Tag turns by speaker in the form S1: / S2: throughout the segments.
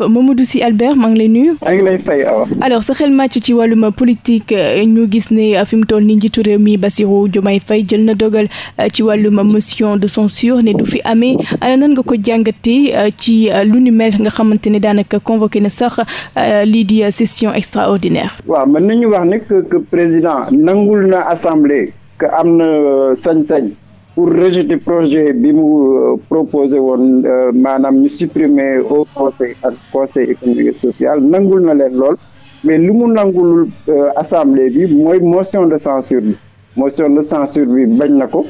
S1: Mamadou Sy Albert maa ngi lay nuyu.
S2: maa ngi lay fay awa.
S1: alors sa xel ci wàllum politique euh, ñu gis ne euh, fi mu toll nii njiitu réew mi Bassirou Diomaye fay jël na dogal euh, ci wàllum motion de censure ne du fi amee nan nga ko jàngatee ci lu ni mel nga xamante ne daanaka convoqué na sax lii di session extraordinaire.
S2: waaw mën nañu wax ne président nangul na assemblée que am na sañ pour rejeter projet bi mu euh, proposé woon euh, maanaam ñu supprimer au conseil ak conseil économique social nangul na leen lool mais li mu nangulul euh, assemblée bi mooy motion de censure bi motion de censure bi bañ na ko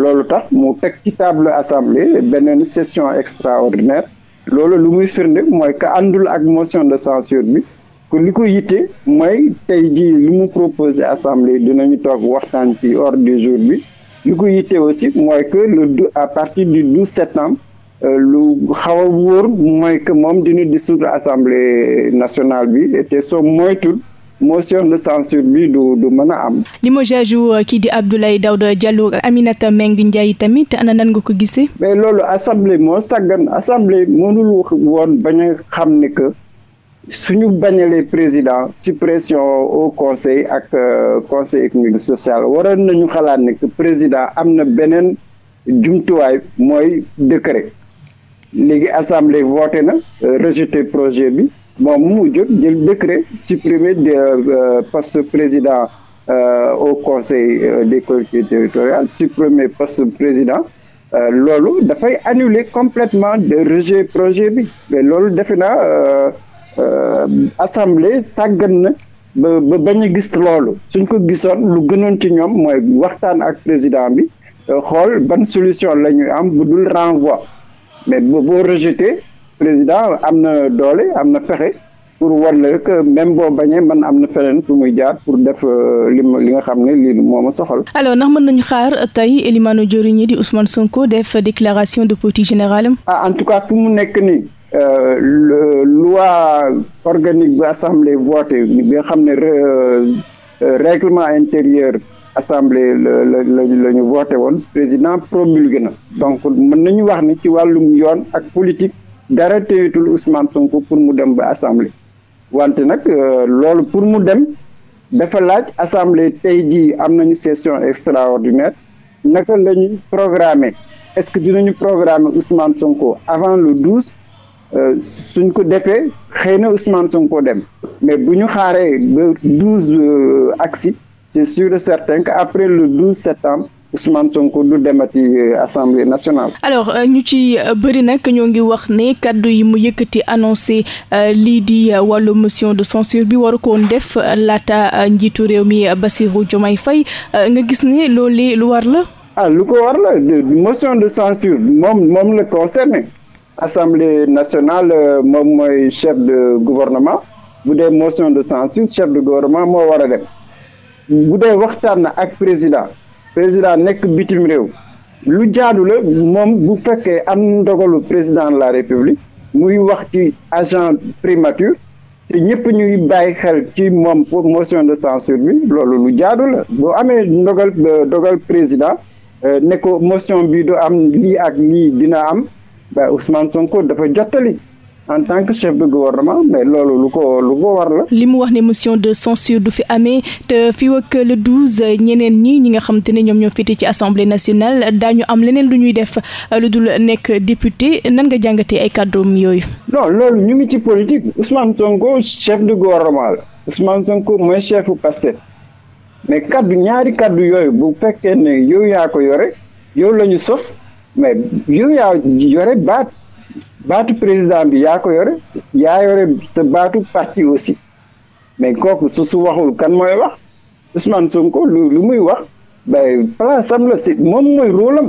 S2: loolu tax mu teg ci table assemblée beneen session extraordinaire loolu lu muy firnde mooy que àndul ak motion de censure bi que li ko yitte mooy tey jii li mu proposé assemblée ñu toog waxtaan ci ordre du jour bi li ko yitte aussi mooy que le à partir du 12 septembre euh, lu xaw a wóor mooy que moom dina dissoudre assemblée nationale bi te soo moytul motion de censure bi du du mën a am. li
S1: ma limogeage euh, kii di Abdoulaye Daouda Diallo Aminata Mbengue Ndiaye tamit ana nan nga ko gisee.
S2: mais loolu assemblée moo sàggan assemblée mënul woon bañ a xam ne que. suñu bañalee président suppression au conseil ak euh, conseil économique social waroon nañu xalaat ne que président am na beneen jumtuwaay mooy décret léegi assemblée voté na euh, rejeté projet bi moom mu jot jël décret supprimer de euh, poste président au conseil des collectivités territoriales supprimer poste président loolu dafay annuler complètement de rejet projet bi mais loolu defe naa Euh, assemblée sàggan na ba ba bañ gis loolu suñ ko gisoon lu gënoon ci ñoom mooy waxtaan ak président bi euh, xool ban solution la ñuy am bu dul renvoi mais boo rejeté président am na doole am na pexe pour war la rek même boo bañee man am na feneen fu muy jaar pour def euh, li li nga xam ne lii moo ma soxal.
S1: alors ndax mën nañu xaar tey Elimano Diori ñi di Ousmane Sonko def déclaration de politique générale. ah en tout cas fu mu nekk nii. Euh, le
S2: loi organique bi assemblée voté bi nga xam ne euh, règlement intérieur assemblée la la ñu voté woon président promulgué na donc mën nañu wax ni ci wàllum yoon ak politique dara teewitul Ousmane Sonko pour mu dem ba assemblée wante nag euh, loolu pour mu dem dafa laaj assemblée tey jii am nañu session extraordinaire naka la ñuy programmer est-ce que dinañu programme Ousmane Sonko avant le 12 Euh, suñ ko defee xëy na Ousmane Sonko dem mais bu ñu xaaree ba douze euh, aksi c'est sûr et certain que après le douze septembre Ousmane Sonko du demati euh, assemblée nationale.
S1: alors ñu ci bëri nag ñoo ngi wax ne kàddu yi mu yëkkati annoncé lii di wàllu motion de censure bi waru koon def laata njiitu réew mi Bassirou Diomaye fay nga gis ne loolu lu war la. ah lu ko war la motion
S2: de censure moom la concerné. assemblée nationale euh, moom mooy chef de gouvernement bu dee motion de censure chef de gouvernement moo war a dem bu dee waxtaan na ak président président nekk bitim réew lu jaadu la moom bu fekkee am ndogalu président de la république muy wax ci agent primature te ñëpp ñuy bàyyi xel ci moom motion de censure bi loolu lu jaadu la boo amee ndogal euh, dogal président euh, ne ko motion bi do am lii ak lii dina am ba Ousmane Sonko dafa jottali en tant que chef de
S1: gouvernement mais loolu lu ko lu ko war la. li mu wax ne motion de censure du fi amee te fii ak le douze ñeneen ñi ñi nga xam te ne ñoom ñoo féete ci assemblée nationale daañu am leneen du ñuy def lu dul nekk député nan nga jàngatee ay kàddoom yooyu. non loolu ñu ngi ci
S2: politique Ousmane Sonko chef de gouvernement la Ousmane Sonko mooy chefu Pastef mais kaddu ñaari kàddu yooyu bu fekkee ne yow yaa ko yore yow la ñu sos. mais yow yaa yore baat baatu président bi yaa ko yore yaa yore sa baatu parti aussi mais kooku su su waxul kan mooy wax Ousmane Sonko lu muy wax ba place am la si moom mooy rôle am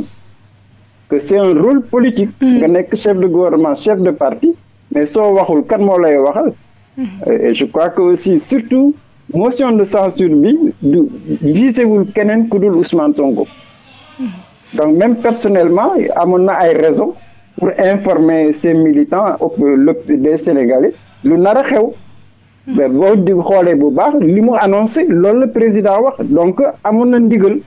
S2: que c'est un rôle politique mm. nga nekk chef de gouvernement chef de parti mais soo waxul kan moo lay waxal mm. et je crois que aussi surtout motion de censure bi du visewul keneen ku dul Ousmane Sonko mm. donc même personnellement amoon na ay raison pour informer ces militants de Sénégalais lu nar a xew. Hmm. boo di xoolee bu baax li mu annoncé loolu la président wax donc amoon na ndigal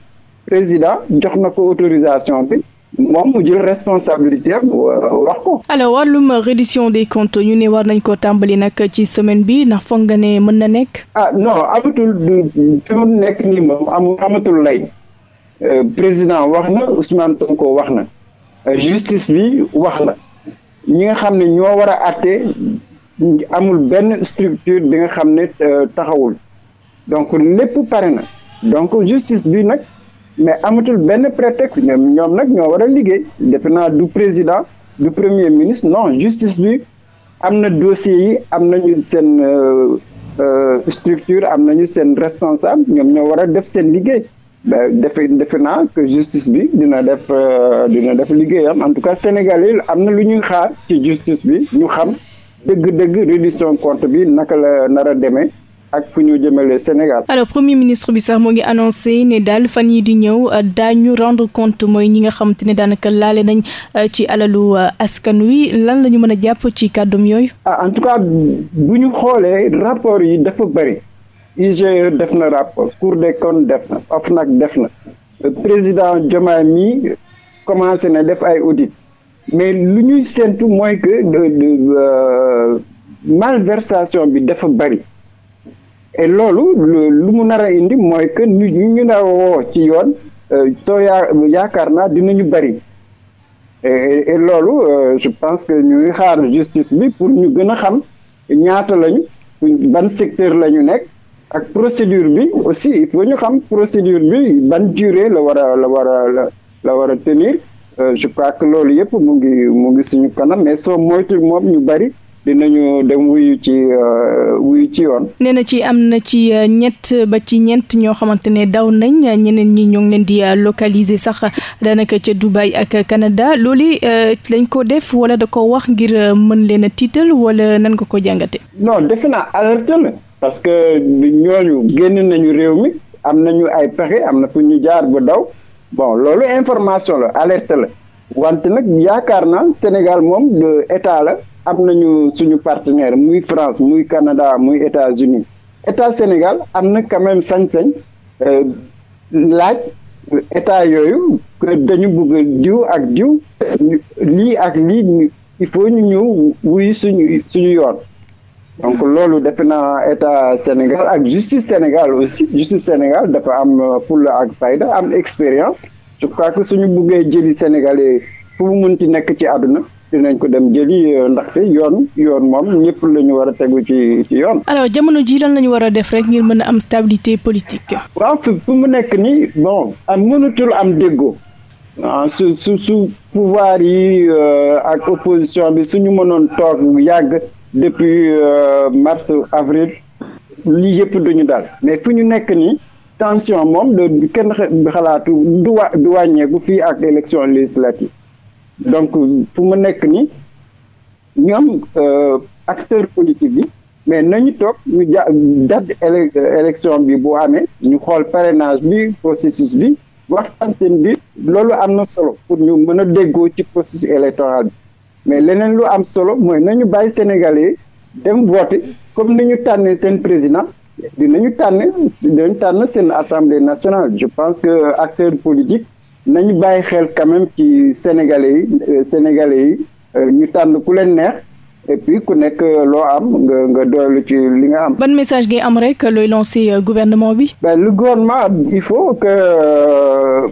S2: président jox na ko autorisation bi. moom mu jël responsabilité am euh, wax
S1: ko. alors wàllum reddition des comptes ñu ne war nañ ko tàmbali nag ci semaine bi ndax foog nga ne mën na nekk.
S2: ah non amatul du mu nekk nii moom amatul lay Euh, président wax na Ousmane Sonko wax na euh, justice bi wax na ñi nga xam ne ñoo war a àtte amul benn structure bi nga xam ne euh, taxawul donc lépp pare na donc justice bi nag mais amatul benn prétexte ñoom ñoom nag ñoo war a liggéey defe naa du président du premier ministre non justice bi am na dossiers yi am nañu seen structure am nañu seen responsable ñoom ñoo war a def seen liggéey defe defe naa que justice bi dina def euh, dina def liggéeyam en tout cas sénégalais am na lu ñuy xaar ci justice bi ñu xam dëgg-dëgg reddition compte bi naka la nar a demee. ak fu ñu jëmale Sénégal.
S1: alors premier ministre bi sax moo ngi annoncé ne daal fan yi di ñëw euh, daañu rendre compte mooy ñi nga xam te ne daanaka laale nañ euh, ci alalu askan wi lan la ñu mën a jàpp ci kàddum yooyu. ah en tout cas
S2: bu ñu xoolee rapport yi dafa bëri IGE def na rapport Cour des comptes def na OFNAC def na président Diomaye mi commencé na def ay audit mais lu ñuy séntu mooy que euh, malversation bi dafa bari et loolu lu mu nar a indi mooy que ñu ñu nar woo ci yoon euh, soo yaa yaakaar naa dina ñu bari et, et loolu euh, je pense que ñuy xaar justice bi pour ñu gën a xam ñaata lañu ban secteur la ñu nekk ak procédure bi aussi il faut ñu xam procédure bi ban durée la war a la war a la war a tenir euh, je crois que loolu yëpp mu ngi mu ngi suñu kanam mais soo moytu moom ñu bari dinañu dem wuyu ci euh, wuyu ci yoon.
S1: nee na ci am na ci euh, ñett ba ci ñeent ñoo xamante ne daw nañ ñeneen ñi ñoo ngi leen di localiser sax daanaka ca Dubaï ak Canada loolu lañ ko def wala da ko wax ngir mën leen a tiital wala nan nga ko jàngate
S2: non defe naa alerte la parce que ñooñu génne nañu réew mi am nañu ay pexe am na fu ñu jaar bu daw bon loolu information la alerte la wante nag yaakaar na Sénégal moom de état la am nañu suñu partenaire muy France muy Canada muy état unis état Sénégal am na quand même sañ-sañ euh, laaj état yooyu dañu bëgg diw ak diw lii ak lii il faut ñu ñëw wuy suñu suñu yoon. donc loolu defe naa état Sénégal ak justice Sénégal aussi justice Sénégal dafa am euh, fulla ak fayda am expérience je crois que suñu buggee jëli sénégalais fu mu munti nekk ci àdduna dinañ ko dem jëli euh, ndaxte yoon yoon moom ñëpp la ñu war a tegu ci ci yoon.
S1: alors jamono ji lan la ñu war a def rek ngir mën a am stabilité politique.
S2: waaw fi fu mu nekk nii bon am mënatul am déggoo. ah su su su pouvoir yi euh, ak opposition bi su ñu mënoon toog yàgg. depuis euh, mars avril lii yëpp ñu daal mais fu ñu nekk nii tension moom du kenn xalaatu du wa du wàññeeku fii ak élection législative donc fu mu nekk nii ñoom euh, acteur politique yi mais nañu toog ñu ja jàdd élection bi bu amee ñu xool parenage bi processus bi waxtaan seen bi loolu am na solo pour ñu mën a déggoo ci processus électoral bi mais leneen lu am solo mooy nañu bàyyi Sénégalais dem voter comme ni ñu tànnee seen président dinañu tànn dinañu tànn seen assemblée nationale je pense que acteur politique ñu bàyyi xel quand ci Sénégalais yi euh, Sénégalais yi euh, ñu tànn ku leen neex et puis ku nekk euh, loo am nga nga doylu ci li nga am. ban
S1: message ngay am rek looy lancer gouvernement bi. ben le
S2: gouvernement il faut que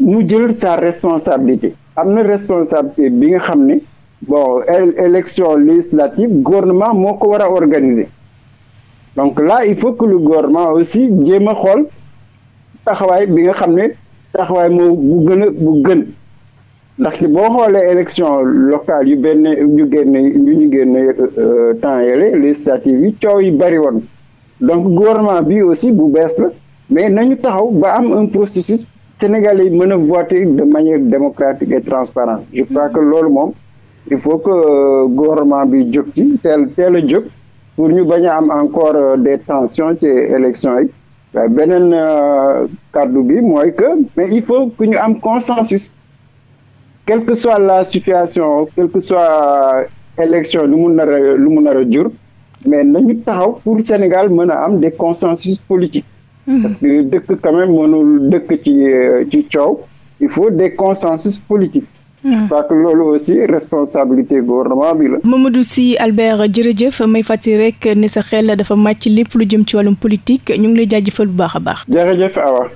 S2: mu jël sa responsabilité. am na responsabilité bi nga xam ne bon élection législative gouvernement moo ko war a organiser donc là il faut que le gouvernement aussi jéem a xool taxawaay bi nga xam ne taxawaay moo bu gën a bu gën ndaxte boo xoolee élection locale yu benn ñu génne yu ñu génne euh, euh, temps yële législative yu coow yi bari woon donc gouvernement bi aussi bu bees la mais nañu taxaw ba am un processus Sénégalais yi mën a voter de manière démocratique et transparente je crois que loolu moom il faut que euh, gouvernement bi jóg ci teel teel a jóg pour ñu bañ a am encore euh, des tensions ci élection yi waaye beneen euh, kàddu gi mooy que mais il faut que ñu am consensus quelle que soit la situation quelle que soit élection lu mu nar lu mu nar a jur mais nañu taxaw pour Sénégal mën a am des consensus politiques Mm-hmm. parce que dëkk quand mënul dëkk ci euh, ci coow il faut des consensus politiques mm-hmm. je crois que loolu aussi responsabilité gouvernement bi la.
S1: Mamadou Sy Albert jërëjëf may fàttali rek ni sa xel dafa màcc lépp lu jëm ci wàllum politique ñu ngi lay jaajëfal bu baax a baax.
S2: jërëjëf Awa.